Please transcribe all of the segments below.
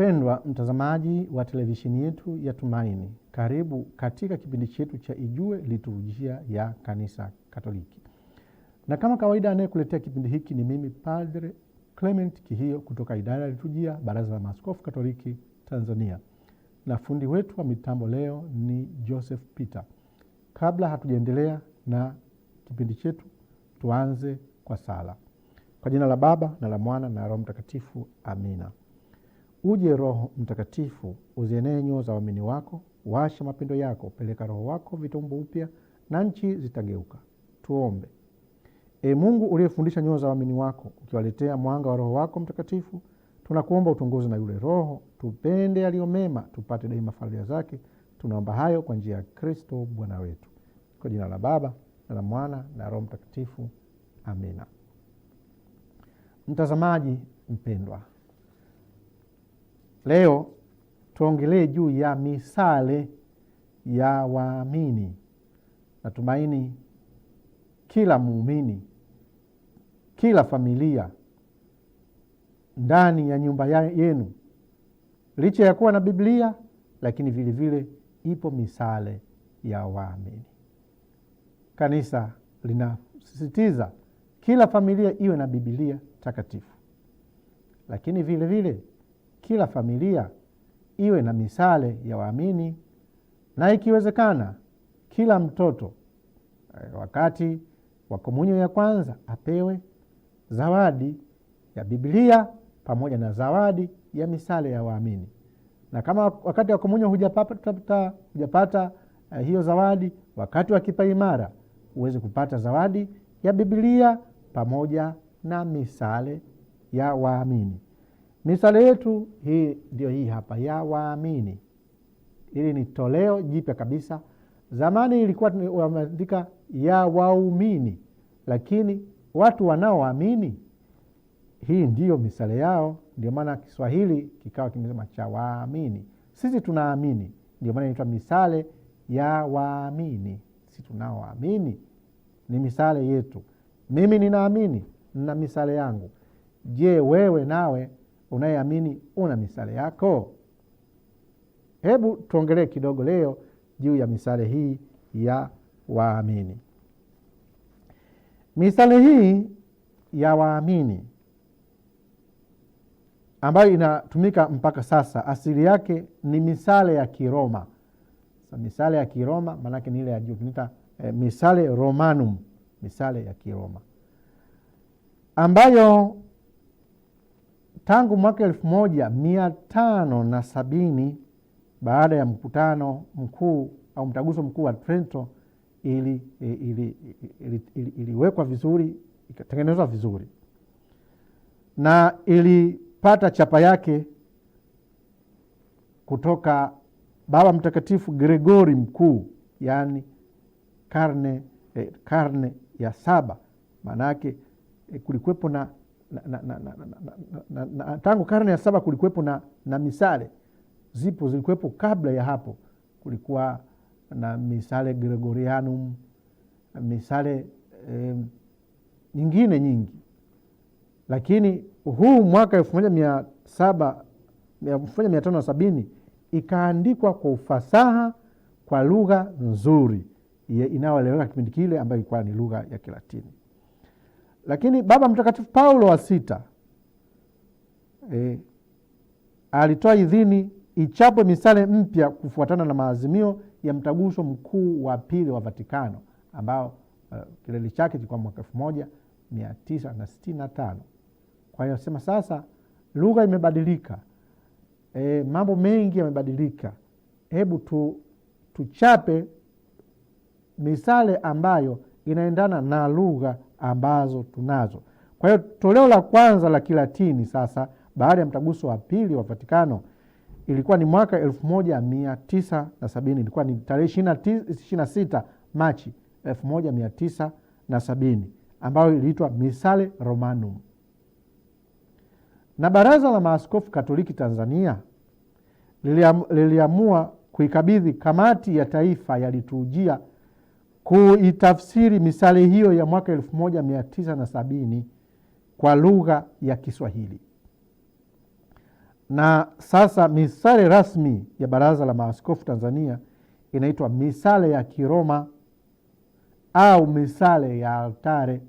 Mpendwa mtazamaji wa televisheni yetu ya Tumaini, karibu katika kipindi chetu cha Ijue Liturujia ya Kanisa Katoliki, na kama kawaida, anayekuletea kipindi hiki ni mimi Padre Clement Kihio kutoka idara ya liturujia, Baraza la Maaskofu Katoliki Tanzania, na fundi wetu wa mitambo leo ni Joseph Peter. Kabla hatujaendelea na kipindi chetu, tuanze kwa sala. Kwa jina la Baba na la Mwana na Roho Mtakatifu, amina. Uje Roho Mtakatifu, uzienee nyoo za waamini wako, washa mapendo yako, peleka Roho wako vitumbu upya, na nchi zitageuka. Tuombe. E Mungu uliyefundisha nyoo za waamini wako, ukiwaletea mwanga wa Roho wako Mtakatifu, tunakuomba utongozi na yule Roho tupende yaliyo mema, tupate daima faraja zake. Tunaomba hayo kwa njia ya Kristo Bwana wetu. Kwa jina la Baba na la Mwana na Roho Mtakatifu, amina. Mtazamaji mpendwa Leo tuongelee juu ya misale ya waamini. Natumaini kila muumini, kila familia ndani ya nyumba yenu, licha ya kuwa na Biblia, lakini vilevile vile ipo misale ya waamini. Kanisa linasisitiza kila familia iwe na Biblia takatifu, lakini vilevile vile, kila familia iwe na misale ya waamini na ikiwezekana kila mtoto eh, wakati wa komunyo ya kwanza apewe zawadi ya Biblia pamoja na zawadi ya misale ya waamini. Na kama wakati wa komunyo hujapata, hujapata uh, hiyo zawadi, wakati wa kipaimara huwezi kupata zawadi ya Biblia pamoja na misale ya waamini misale yetu hii ndio hii hapa ya waamini. Hili ni toleo jipya kabisa. Zamani ilikuwa wameandika ya waumini, lakini watu wanaoamini, hii ndiyo misale yao. Ndio maana Kiswahili kikawa kimesema cha waamini. Sisi tunaamini, ndio maana inaitwa misale ya waamini. Sisi tunaoamini ni misale yetu. Mimi ninaamini na misale yangu. Je, wewe nawe unayeamini una misale yako? Hebu tuongelee kidogo leo juu ya misale hii ya waamini. Misale hii ya waamini ambayo inatumika mpaka sasa, asili yake ni misale ya Kiroma. So, misale ya Kiroma maanake ni ile ya juu tunaita eh, misale Romanum, misale ya Kiroma ambayo tangu mwaka elfu moja mia tano na sabini baada ya mkutano mkuu au mtaguso mkuu wa Trento ili, ili, ili, ili, ili, vizuri ikatengenezwa vizuri na ilipata chapa yake kutoka Baba Mtakatifu Gregori Mkuu, yaani karne, eh, karne ya saba. maanayake eh, kulikuwepo na na, na, na, na, na, na, na, tangu karne ya saba kulikuwepo na, na misale zipo zilikuwepo. Kabla ya hapo kulikuwa na misale Gregorianum, misale eh, nyingine nyingi, lakini huu mwaka elfu moja mia saba elfu moja mia tano na sabini ikaandikwa kwa ufasaha kwa lugha nzuri inayoeleweka kipindi kile, ambayo ilikuwa ni lugha ya Kilatini. Lakini Baba Mtakatifu Paulo wa Sita e, alitoa idhini ichapwe misale mpya kufuatana na maazimio ya mtaguso mkuu wa pili wa Vatikano ambao uh, kilele chake kilikuwa mwaka elfu moja mia tisa na sitini na tano. Kwa hiyo sema sasa lugha imebadilika, e, mambo mengi yamebadilika. Hebu tu, tuchape misale ambayo inaendana na lugha ambazo tunazo. Kwa hiyo toleo la kwanza la Kilatini sasa baada ya mtaguso wa pili wa Vatikano ilikuwa ni mwaka elfu moja mia tisa na sabini ilikuwa ni tarehe ishirini na sita Machi elfu moja mia tisa na sabini ambayo iliitwa Misale Romanum, na Baraza la Maaskofu Katoliki Tanzania liliamua kuikabidhi Kamati ya Taifa ya Liturujia kuitafsiri misale hiyo ya mwaka elfu moja mia tisa na sabini kwa lugha ya Kiswahili. Na sasa misale rasmi ya Baraza la Maaskofu Tanzania inaitwa misale ya Kiroma au misale ya altare.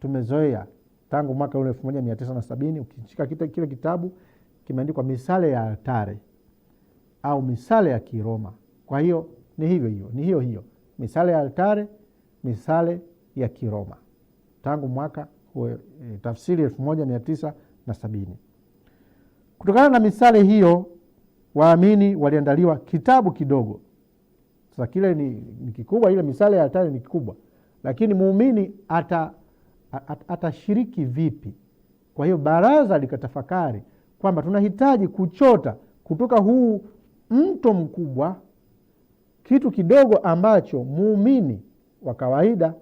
Tumezoea tangu mwaka ule elfu moja mia tisa na sabini ukishika kile kitabu kimeandikwa misale ya altare au misale ya Kiroma. Kwa hiyo ni hivyo hiyo, ni hiyo hiyo misale ya altare, misale ya Kiroma tangu mwaka e, tafsiri elfu moja mia tisa na sabini. Kutokana na misale hiyo waamini waliandaliwa kitabu kidogo. Sasa kile ni, ni kikubwa, ile misale ya altare ni kikubwa, lakini muumini ata atashiriki vipi? Kwa hiyo baraza likatafakari kwamba tunahitaji kuchota kutoka huu mto mkubwa kitu kidogo ambacho muumini wa kawaida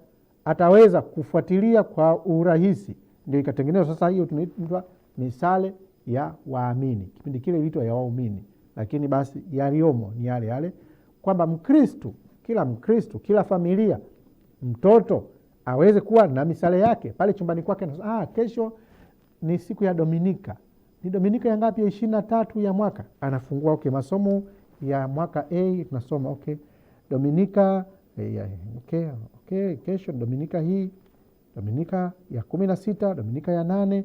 ataweza kufuatilia kwa urahisi. Ndio ikatengenezwa sasa, hiyo tunaitwa misale ya waamini. Kipindi kile iliitwa ya waumini, lakini basi yaliyomo ni yale yale, kwamba Mkristu, kila Mkristu, kila familia, mtoto aweze kuwa na misale yake pale chumbani kwake. Ah, kesho ni siku ya Dominika. Ni Dominika ya ngapi? Ya ishirini na tatu ya mwaka. Anafungua okay, masomo ya mwaka A tunasoma okay, Dominika eh, ya, okay, okay, kesho Dominika hii Dominika ya kumi na sita Dominika ya nane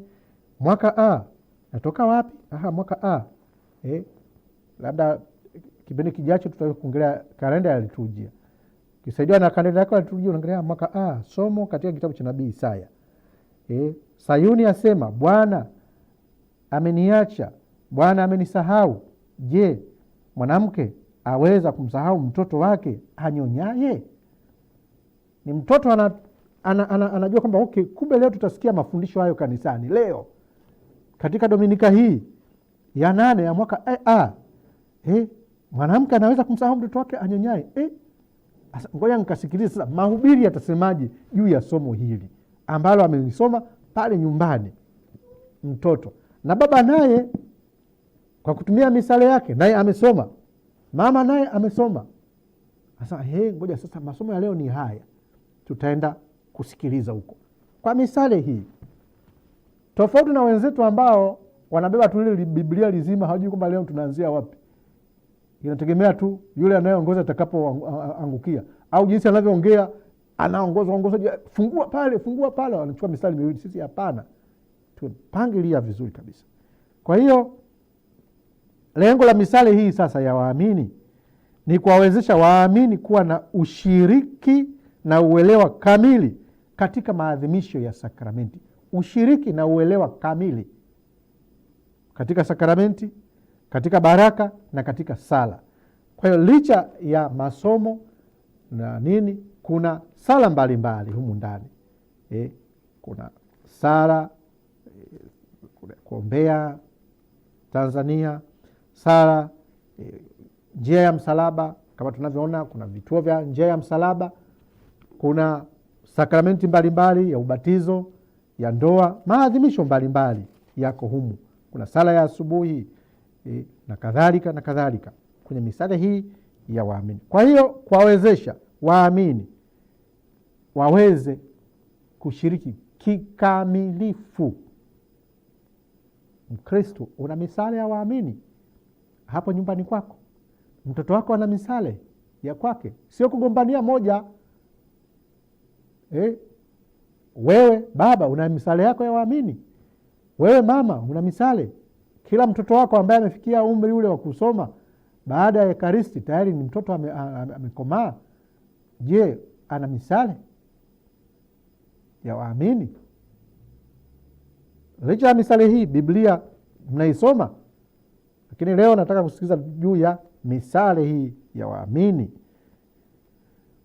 mwaka A natoka wapi? Aha, mwaka A eh, labda kipindi kijacho tutaongelea kalenda ya liturujia. kisaidiwa na kalenda yako ya liturujia unaongelea mwaka A, somo katika kitabu cha nabii Isaya eh, Sayuni asema Bwana ameniacha, Bwana amenisahau. Je, mwanamke aweza kumsahau mtoto wake anyonyaye? Ni mtoto ana, ana, ana, anajua kwamba okay, kumbe leo tutasikia mafundisho hayo kanisani leo katika Dominika hii ya nane ya mwaka eh, ah, eh, mwanamke anaweza kumsahau mtoto wake anyonyaye eh? Ngoja nikasikiliza sasa mahubiri yatasemaje juu ya somo hili ambalo amelisoma pale nyumbani mtoto na baba naye kwa kutumia misale yake, naye amesoma, mama naye amesoma. Sasa he, ngoja sasa, masomo ya leo ni haya, tutaenda kusikiliza huko kwa misale hii, tofauti na wenzetu ambao wanabeba tu ile Biblia lizima, hawajui kwamba leo tunaanzia wapi. Inategemea tu yule anayeongoza atakapoangukia au jinsi anavyoongea, anaongoza ongoza, fungua pale, fungua pale, wanachukua mistari miwili. Sisi hapana, tupangilia vizuri kabisa. Kwa hiyo Lengo la misale hii sasa ya waamini ni kuwawezesha waamini kuwa na ushiriki na uelewa kamili katika maadhimisho ya sakramenti. Ushiriki na uelewa kamili katika sakramenti, katika baraka na katika sala. Kwa hiyo licha ya masomo na nini, kuna sala mbalimbali humu ndani e, kuna sala eh, kuombea Tanzania sala e, njia ya msalaba kama tunavyoona, kuna vituo vya njia ya msalaba, kuna sakramenti mbalimbali mbali, ya ubatizo ya ndoa, maadhimisho mbalimbali yako humu, kuna sala ya asubuhi e, na kadhalika na kadhalika, kwenye misale hii ya waamini. Kwa hiyo kuwawezesha waamini waweze kushiriki kikamilifu. mkristu una misala ya waamini hapo nyumbani kwako, mtoto wako ana misale ya kwake, sio kugombania moja eh. Wewe baba una misale yako ya waamini, wewe mama una misale. Kila mtoto wako ambaye amefikia umri ule wa kusoma baada ya Ekaristi tayari ni mtoto amekomaa, je, ana misale ya waamini? Licha ya misale hii Biblia mnaisoma lakini leo nataka kusikiliza juu ya misale hii ya waamini.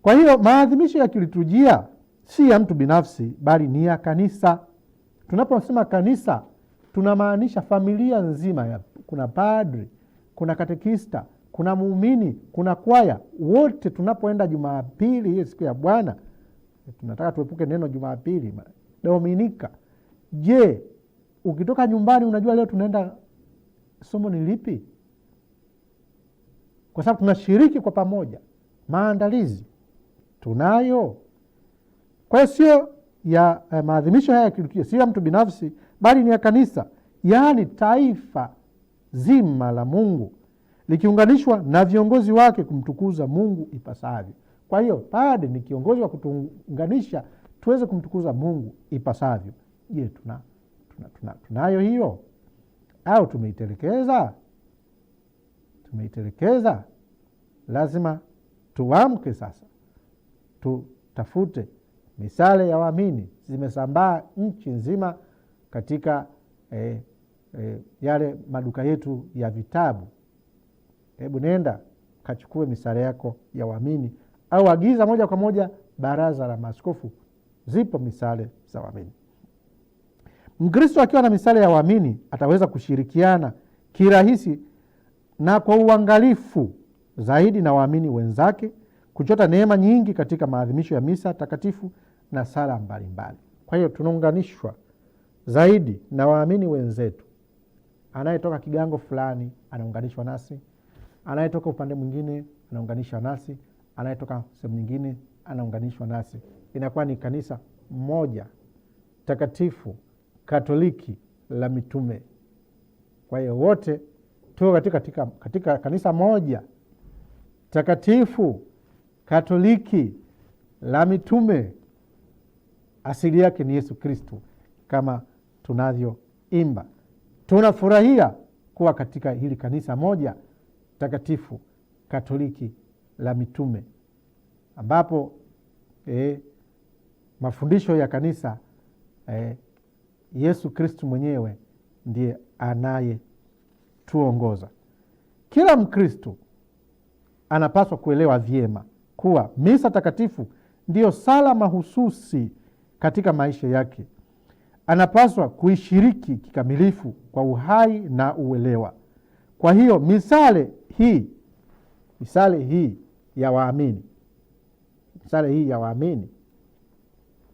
Kwa hiyo maadhimisho ya kiliturujia si ya mtu binafsi, bali ni ya kanisa. Tunaposema kanisa, tunamaanisha familia nzima ya, kuna padri, kuna katekista, kuna muumini, kuna kwaya. Wote tunapoenda Jumapili hiyo siku ya Bwana, tunataka tuepuke neno Jumapili, Dominika. Je, ukitoka nyumbani, unajua leo tunaenda somo ni lipi? Kwa sababu tunashiriki kwa pamoja, maandalizi tunayo. Kwa hiyo sio ya eh, maadhimisho haya ya kiliturujia sio ya mtu binafsi, bali ni ya kanisa, yaani taifa zima la Mungu likiunganishwa na viongozi wake kumtukuza Mungu ipasavyo. Kwa hiyo padre ni kiongozi wa kutuunganisha tuweze kumtukuza Mungu ipasavyo. Je, tuna, tuna, tuna, tunayo hiyo? au tumeitelekeza? Tumeitelekeza, lazima tuamke sasa, tutafute misale ya waamini. Zimesambaa nchi nzima katika eh, eh, yale maduka yetu ya vitabu. Hebu nenda kachukue misale yako ya waamini, au agiza moja kwa moja baraza la maaskofu. Zipo misale za waamini. Mkristo akiwa na misale ya waamini ataweza kushirikiana kirahisi na kwa uangalifu zaidi na waamini wenzake, kuchota neema nyingi katika maadhimisho ya misa takatifu na sala mbalimbali. Kwa hiyo tunaunganishwa zaidi na waamini wenzetu. Anayetoka kigango fulani anaunganishwa nasi, anayetoka upande mwingine anaunganishwa nasi, anayetoka sehemu nyingine anaunganishwa nasi. Inakuwa ni kanisa moja takatifu. Katoliki la mitume. Kwa hiyo wote tuko katika, katika, katika kanisa moja takatifu Katoliki la mitume, asili yake ni Yesu Kristu kama tunavyoimba. Tunafurahia kuwa katika hili kanisa moja takatifu Katoliki la mitume ambapo eh, mafundisho ya kanisa eh, Yesu Kristu mwenyewe ndiye anayetuongoza. Kila Mkristu anapaswa kuelewa vyema kuwa misa takatifu ndiyo sala mahususi katika maisha yake. Anapaswa kuishiriki kikamilifu kwa uhai na uelewa. Kwa hiyo misale hii misale hii ya waamini misale hii ya waamini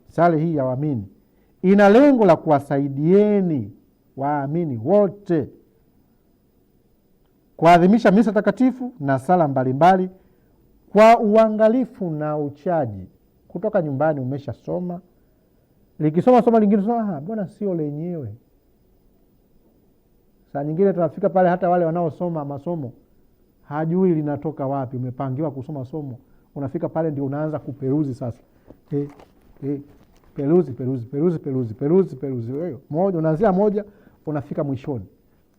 misale hii ya waamini ina lengo la kuwasaidieni waamini wote kuadhimisha misa takatifu na sala mbalimbali kwa uangalifu na uchaji kutoka nyumbani. Umeshasoma likisoma soma lingine, ah, mbona sio lenyewe? Saa nyingine tunafika pale, hata wale wanaosoma masomo hajui linatoka wapi. Umepangiwa kusoma somo, unafika pale ndio unaanza kuperuzi sasa, eh, eh peruzi peruzi peruzi peruzi peruzi peruzi, wewe moja unaanzia moja unafika mwishoni.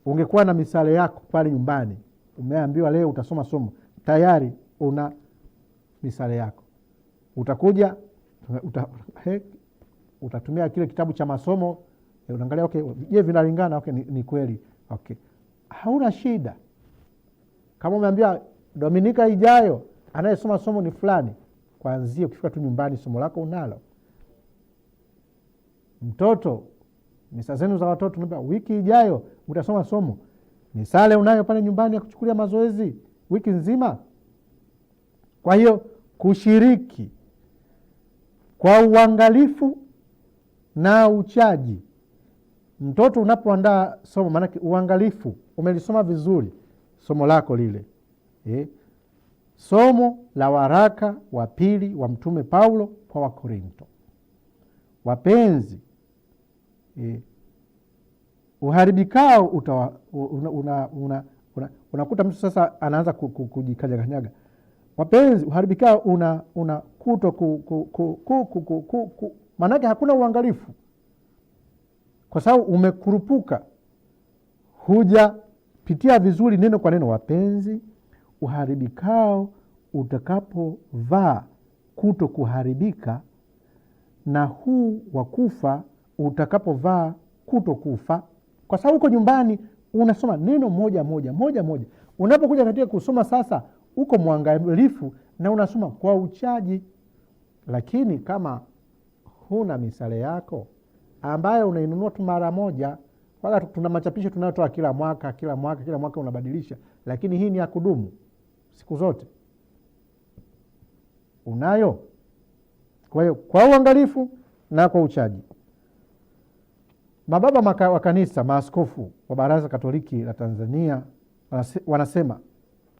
Ungekuwa na misale yako pale nyumbani, umeambiwa leo utasoma somo, tayari una misale yako, utakuja uta, he, utatumia kile kitabu cha masomo unaangalia, okay, je, vinalingana? Okay, ni, ni kweli. Okay, hauna shida. Kama umeambiwa Dominika ijayo anayesoma somo ni fulani, kwanzia ukifika tu nyumbani somo lako unalo mtoto, misa zenu za watoto naomba wiki ijayo utasoma somo. Misale unayo pale nyumbani ya kuchukulia mazoezi wiki nzima. Kwa hiyo kushiriki kwa uangalifu na uchaji mtoto unapoandaa somo, maanake uangalifu, umelisoma vizuri somo lako lile eh? Somo la waraka wa pili wa Mtume Paulo kwa Wakorinto. Wapenzi, eh, uharibikao unakuta una, una, una, una, mtu sasa anaanza kujikanyakanyaga. Wapenzi, uharibikao una, una kuto Maanake hakuna uangalifu kwa sababu umekurupuka, hujapitia vizuri neno kwa neno. Wapenzi, uharibikao utakapovaa kuto kuharibika na huu wa kufa utakapovaa kutokufa, kwa sababu uko nyumbani unasoma neno moja moja moja moja. Unapokuja katika kusoma sasa, uko mwangalifu na unasoma kwa uchaji, lakini kama huna misale yako ambayo unainunua tu mara moja, wala tuna machapisho tunayotoa kila mwaka kila mwaka kila mwaka unabadilisha, lakini hii ni ya kudumu siku zote unayo. Kwa hiyo kwa uangalifu na kwa uchaji Mababa wa kanisa, maaskofu wa Baraza Katoliki la Tanzania wanasema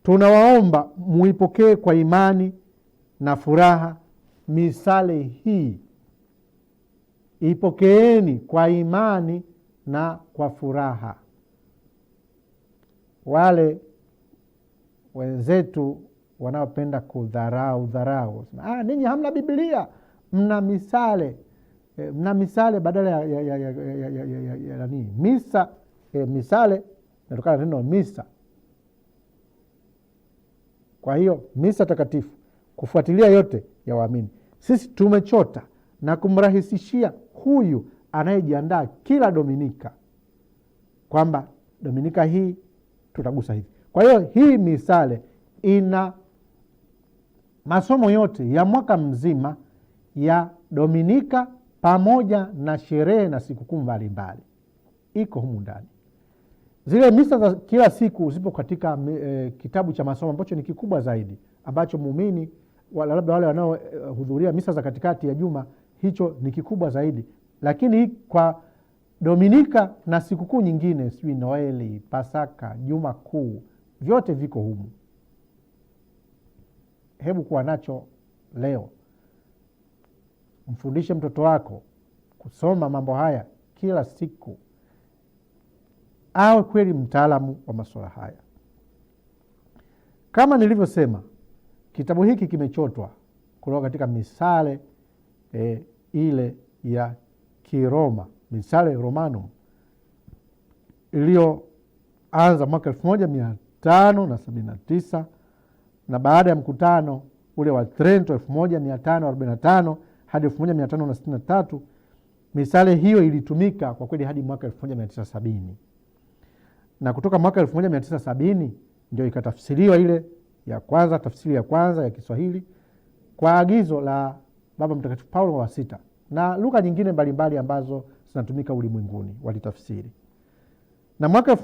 tunawaomba muipokee kwa imani na furaha misale hii, ipokeeni kwa imani na kwa furaha. Wale wenzetu wanaopenda kudharau dharau, ah, ninyi hamna Biblia, mna misale Eh, na misale badala ya, nini misa eh, misale inatokana neno misa. Kwa hiyo misa takatifu kufuatilia yote ya waamini, sisi tumechota na kumrahisishia huyu anayejiandaa kila Dominika kwamba Dominika hii tutagusa hivi. Kwa hiyo hii misale ina masomo yote ya mwaka mzima ya Dominika pamoja na sherehe na sikukuu mbalimbali iko humu ndani. Zile misa za kila siku zipo katika e, kitabu cha masomo ambacho ni kikubwa zaidi ambacho muumini labda wale wanaohudhuria eh, misa za katikati ya juma, hicho ni kikubwa zaidi. Lakini kwa Dominika na sikukuu nyingine, sijui Noeli, Pasaka, Juma Kuu, vyote viko humu. Hebu kuwa nacho leo. Mfundishe mtoto wako kusoma mambo haya kila siku, awe kweli mtaalamu wa masuala haya. Kama nilivyosema, kitabu hiki kimechotwa kutoka katika misale e, ile ya Kiroma, misale Romanum iliyoanza mwaka elfu moja mia tano na sabini na tisa na baada ya mkutano ule wa Trento elfu moja mia tano arobaini na tano hadi tatu Misale hiyo ilitumika kwa kweli hadi mwaka sabini na kutoka mwaka sabini ndio ikatafsiriwa ile ya kwanza, tafsiri ya kwanza ya Kiswahili kwa agizo la Baba Mtakatifu Paulo wa sita na lugha nyingine mbalimbali ambazo zinatumika ulimwenguni walitafsiri. Na mwaka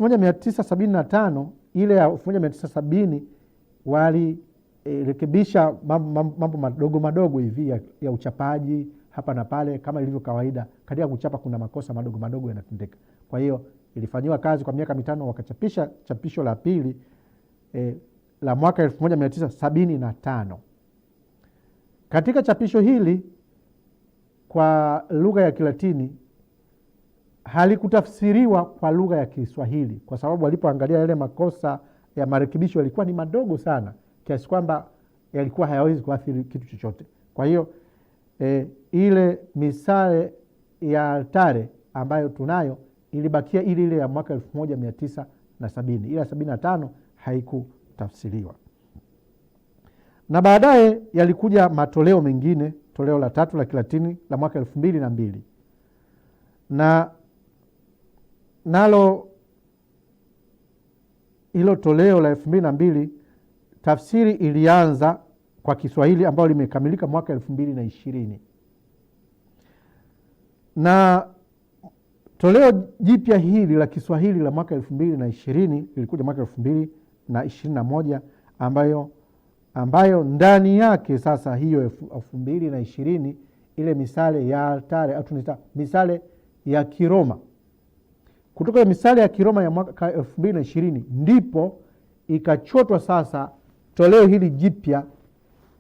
tano ile ya sabini wali rekebisha mambo madogo madogo hivi ya, ya uchapaji hapa na pale, kama ilivyo kawaida. Katika kuchapa kuna makosa madogo madogo yanatendeka. Kwa hiyo ilifanyiwa kazi kwa miaka mitano, wakachapisha chapisho la pili e, la mwaka elfu moja mia tisa sabini na tano. Katika chapisho hili kwa lugha ya Kilatini halikutafsiriwa kwa lugha ya Kiswahili kwa sababu walipoangalia yale makosa ya marekebisho yalikuwa ni madogo sana, kiasi kwamba yalikuwa hayawezi kuathiri kitu chochote. Kwa hiyo e, ile misale ya altare ambayo tunayo ilibakia ile ile ya mwaka elfu moja mia tisa na sabini ila sabini na tano haikutafsiriwa. Na baadaye yalikuja matoleo mengine, toleo la tatu la Kilatini la mwaka elfu mbili na mbili na nalo hilo toleo la elfu mbili na mbili tafsiri ilianza kwa Kiswahili ambayo limekamilika mwaka elfu mbili na ishirini na toleo jipya hili la Kiswahili la mwaka elfu mbili na ishirini lilikuja mwaka elfu mbili na ishirini na moja ambayo, ambayo ndani yake sasa hiyo elfu mbili na ishirini ile misale ya altare au tunaita misale ya Kiroma kutoka misale ya Kiroma ya mwaka elfu mbili na ishirini ndipo ikachotwa sasa toleo hili jipya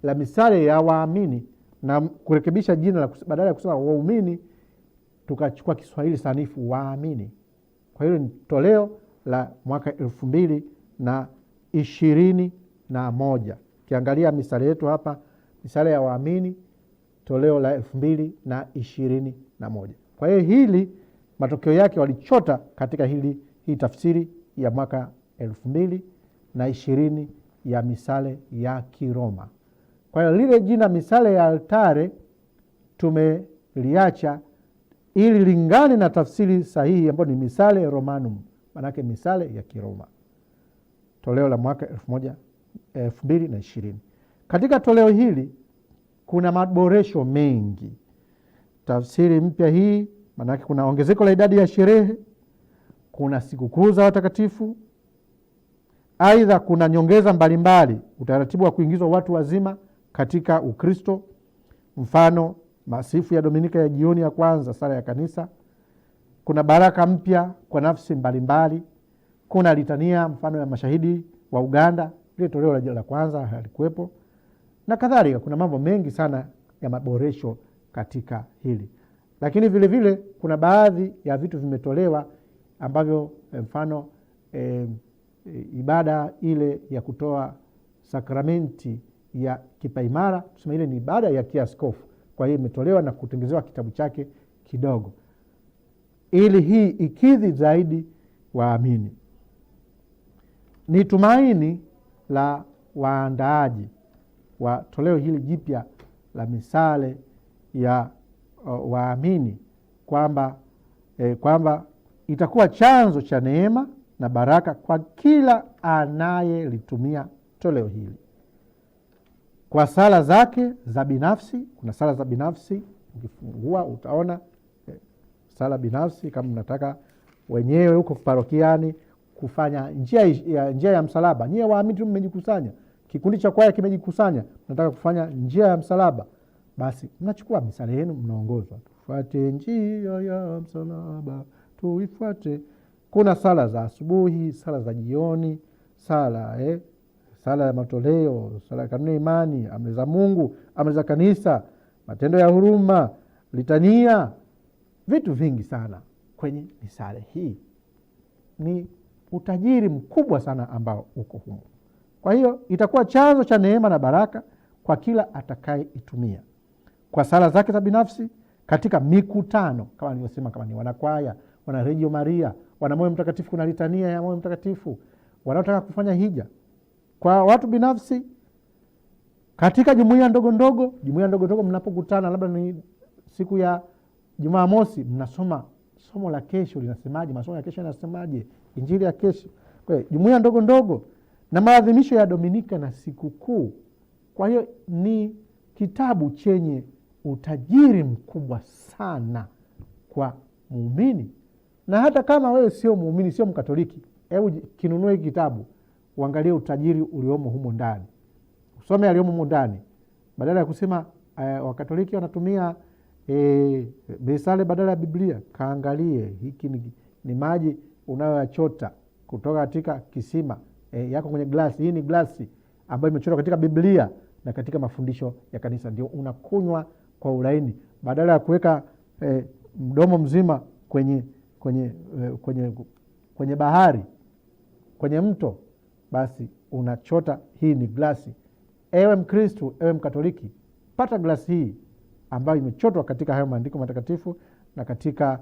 la misale ya waamini na kurekebisha jina la badala ya kusema waumini tukachukua Kiswahili sanifu waamini. Kwa hiyo ni toleo la mwaka elfu mbili na ishirini na moja. Ukiangalia misale yetu hapa, misale ya waamini toleo la elfu mbili na ishirini na moja. Kwa hiyo hili matokeo yake walichota katika hili hii tafsiri ya mwaka elfu mbili na ishirini ya misale ya Kiroma. Kwa hiyo lile jina misale ya altare tumeliacha ili lingane na tafsiri sahihi ambayo ni misale Romanum, maanake misale ya Kiroma, toleo la mwaka elfu moja elfu mbili na ishirini. Katika toleo hili kuna maboresho mengi, tafsiri mpya hii, maanake kuna ongezeko la idadi ya sherehe, kuna sikukuu za watakatifu Aidha, kuna nyongeza mbalimbali, utaratibu wa kuingizwa watu wazima katika Ukristo, mfano masifu ya Dominika ya jioni ya kwanza, sala ya kanisa. Kuna baraka mpya kwa nafsi mbalimbali mbali. Kuna litania mfano ya mashahidi wa Uganda, lile toleo la kwanza halikuwepo na kadhalika. Kuna mambo mengi sana ya maboresho katika hili, lakini vilevile vile, kuna baadhi ya vitu vimetolewa ambavyo mfano eh, Eh, ibada ile ya kutoa sakramenti ya kipaimara, tusema ile ni ibada ya kiaskofu. Kwa hiyo imetolewa na kutengezewa kitabu chake kidogo, ili hii ikidhi zaidi waamini. Ni tumaini la waandaaji wa toleo hili jipya la misale ya waamini kwamba eh, kwamba itakuwa chanzo cha neema na baraka kwa kila anayelitumia toleo hili kwa sala zake za binafsi. Kuna sala za binafsi, ukifungua utaona eh, sala binafsi kama mnataka wenyewe huko parokiani kufanya njia ya, njia ya msalaba. Nyie waamini tu mmejikusanya, kikundi cha kwaya kimejikusanya, mnataka kufanya njia ya msalaba, basi mnachukua misale yenu, mnaongozwa, tufuate njia ya msalaba, tuifuate kuna sala za asubuhi, sala za jioni, sala eh, sala ya matoleo, sala ya kanuni ya imani, amri za Mungu, amri za kanisa, matendo ya huruma, litania, vitu vingi sana kwenye misale hii. Ni utajiri mkubwa sana ambao uko humo. Kwa hiyo itakuwa chanzo cha neema na baraka kwa kila atakayeitumia, kwa sala zake za binafsi, katika mikutano kama nilivyosema, kama ni wanakwaya, wana redio Maria wana moyo mtakatifu, kuna litania ya moyo mtakatifu, wanaotaka kufanya hija kwa watu binafsi, katika jumuia ndogo ndogo, jumuia ndogo ndogo mnapokutana, labda ni siku ya Jumamosi, mnasoma somo la kesho linasemaje, masomo ya kesho yanasemaje, injili ya kesho. Kwa hiyo jumuia ndogo ndogo na maadhimisho ya Dominika na sikukuu. Kwa hiyo ni kitabu chenye utajiri mkubwa sana kwa muumini na hata kama wewe sio muumini, sio Mkatoliki, hebu kinunue kitabu, uangalie utajiri uliomo humo ndani, usome aliomo humo ndani, badala ya kusema uh, Wakatoliki wanatumia E, eh, misale badala ya Biblia, kaangalie hiki ni, ni maji unayoyachota kutoka katika kisima e, yako kwenye glasi. Hii ni glasi ambayo imechotwa katika Biblia na katika mafundisho ya kanisa, ndio unakunywa kwa ulaini, badala ya kuweka e, mdomo mzima kwenye kwenye, eh, kwenye, kwenye bahari kwenye mto, basi unachota. Hii ni glasi. Ewe Mkristu, ewe Mkatoliki, pata glasi hii ambayo imechotwa katika hayo maandiko matakatifu na katika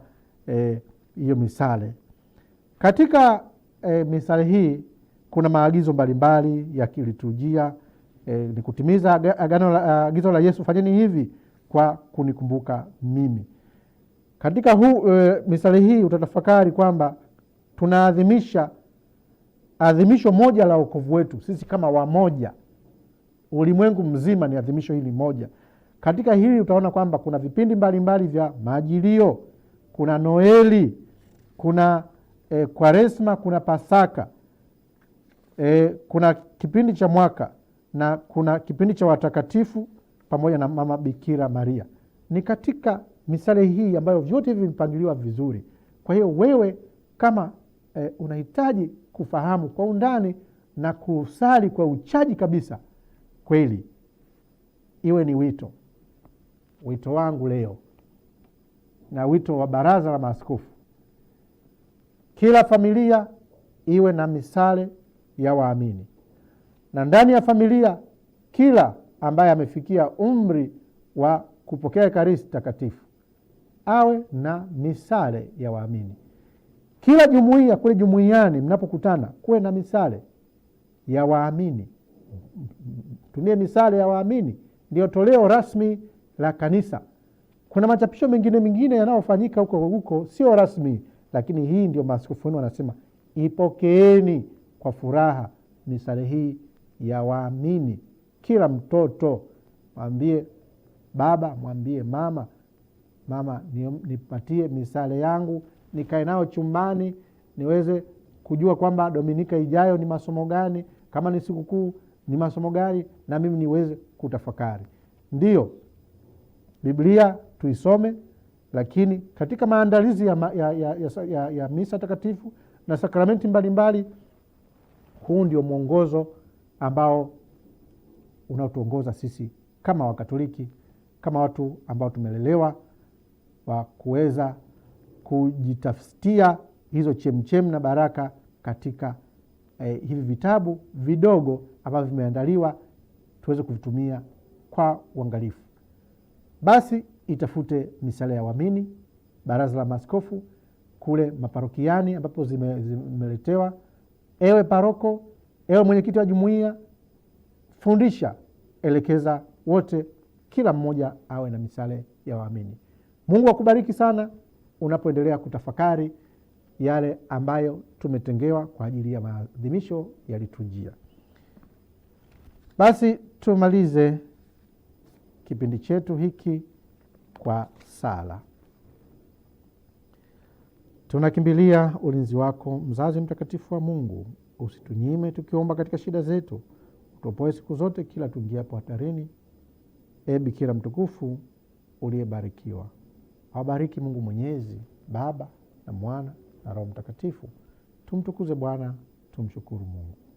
eh, hiyo e, misale. Katika e, misale hii kuna maagizo mbalimbali ya kiliturujia e, ni kutimiza agano la, agizo la Yesu, fanyeni hivi kwa kunikumbuka mimi. Katika huu e, misali hii utatafakari kwamba tunaadhimisha adhimisho moja la wokovu wetu sisi kama wamoja, ulimwengu mzima ni adhimisho hili moja. Katika hili utaona kwamba kuna vipindi mbalimbali mbali vya majilio, kuna Noeli, kuna e, Kwaresma, kuna Pasaka e, kuna kipindi cha mwaka na kuna kipindi cha watakatifu pamoja na mama Bikira Maria. Ni katika misale hii ambayo vyote hivi vimepangiliwa vizuri. Kwa hiyo wewe kama eh, unahitaji kufahamu kwa undani na kusali kwa uchaji kabisa kweli, iwe ni wito wito wangu leo na wito wa Baraza la Maaskofu, kila familia iwe na misale ya waamini, na ndani ya familia kila ambaye amefikia umri wa kupokea Ekaristi takatifu awe na misale ya waamini. Kila jumuiya kule jumuiani, mnapokutana kuwe na misale ya waamini, tumie misale ya waamini, ndio toleo rasmi la kanisa. Kuna machapisho mengine mengine yanayofanyika huko huko, sio rasmi, lakini hii ndio maaskofu wenu wanasema ipokeeni kwa furaha misale hii ya waamini. Kila mtoto mwambie baba, mwambie mama mama, nipatie misale yangu nikae nayo chumbani niweze kujua kwamba Dominika ijayo ni masomo gani, kama ni sikukuu ni masomo gani, na mimi niweze kutafakari. Ndiyo, Biblia tuisome, lakini katika maandalizi ya, ma, ya, ya, ya, ya, ya misa takatifu na sakramenti mbalimbali mbali, huu ndio mwongozo ambao unaotuongoza sisi kama Wakatoliki, kama watu ambao tumelelewa wa kuweza kujitafutia hizo chemchem na baraka katika eh, hivi vitabu vidogo ambavyo vimeandaliwa tuweze kuvitumia kwa uangalifu. Basi itafute misala ya waamini, baraza la maskofu kule maparokiani ambapo zime, zimeletewa. Ewe paroko, ewe mwenyekiti wa jumuiya, fundisha, elekeza wote, kila mmoja awe na misale ya waamini. Mungu akubariki sana unapoendelea kutafakari yale ambayo tumetengewa kwa ajili ya maadhimisho yalitujia. Basi tumalize kipindi chetu hiki kwa sala. Tunakimbilia ulinzi wako, mzazi mtakatifu wa Mungu, usitunyime tukiomba katika shida zetu, utopoe siku zote kila tuingiapo hatarini. ebi ee Bikira mtukufu uliyebarikiwa Awabariki Mungu Mwenyezi, Baba na Mwana na Roho Mtakatifu. Tumtukuze Bwana, tumshukuru Mungu.